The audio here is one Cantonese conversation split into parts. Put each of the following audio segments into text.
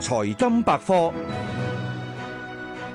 財金百科，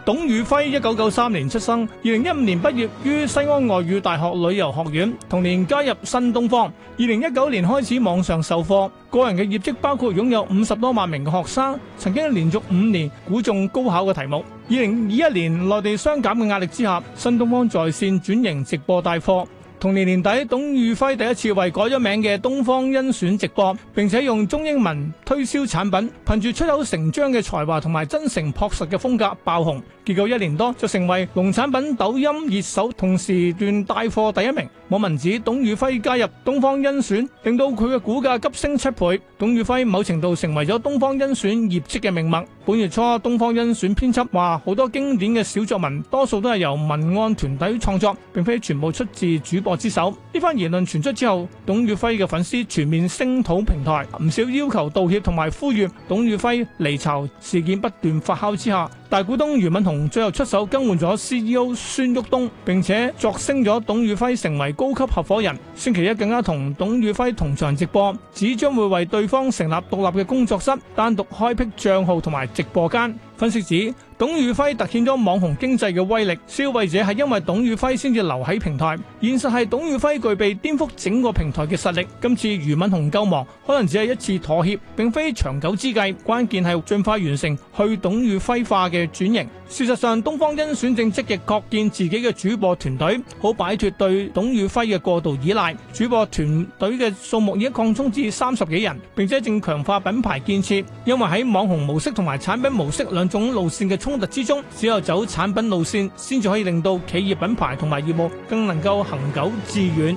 董宇輝一九九三年出生，二零一五年畢業於西安外語大學旅遊學院，同年加入新東方。二零一九年開始網上授課，個人嘅業績包括擁有五十多萬名嘅學生，曾經連續五年估中高考嘅題目。二零二一年內地雙減嘅壓力之下，新東方在綫轉型直播帶貨。同年年底，董宇輝第一次為改咗名嘅東方甄選直播，並且用中英文推銷產品，憑住出口成章嘅才華同埋真誠樸實嘅風格爆紅。結果一年多就成為農產品抖音熱搜同時段帶貨第一名。網民指董宇輝加入東方甄選，令到佢嘅股價急升七倍。董宇輝某程度成為咗東方甄選業績嘅命脈。本月初，東方甄選編輯話，好多經典嘅小作文，多數都係由文案團體創作，並非全部出自主播之手。呢番言論傳出之後，董宇輝嘅粉絲全面聲討平台，唔少要求道歉同埋呼籲董宇輝離巢，事件不斷發酵之下。大股東俞敏洪最後出手更換咗 CEO 孫旭東，並且擢升咗董宇輝成為高級合夥人。星期一更加同董宇輝同場直播，指將會為對方成立獨立嘅工作室，單獨開闢賬號同埋直播間。分析指，董宇輝凸顯咗網紅經濟嘅威力，消費者係因為董宇輝先至留喺平臺。現實係董宇輝具備顛覆整個平臺嘅實力。今次俞敏洪救亡可能只係一次妥協，並非長久之計。關鍵係盡快完成去董宇輝化嘅轉型。事實上，東方甄選正積極擴建自己嘅主播團隊，好擺脫對董宇輝嘅過度依賴。主播團隊嘅數目已經擴充至三十幾人，並且正強化品牌建設。因為喺網紅模式同埋產品模式兩種路線嘅。衝突之中，只有走產品路線，先至可以令到企業品牌同埋業務更能夠恆久致遠。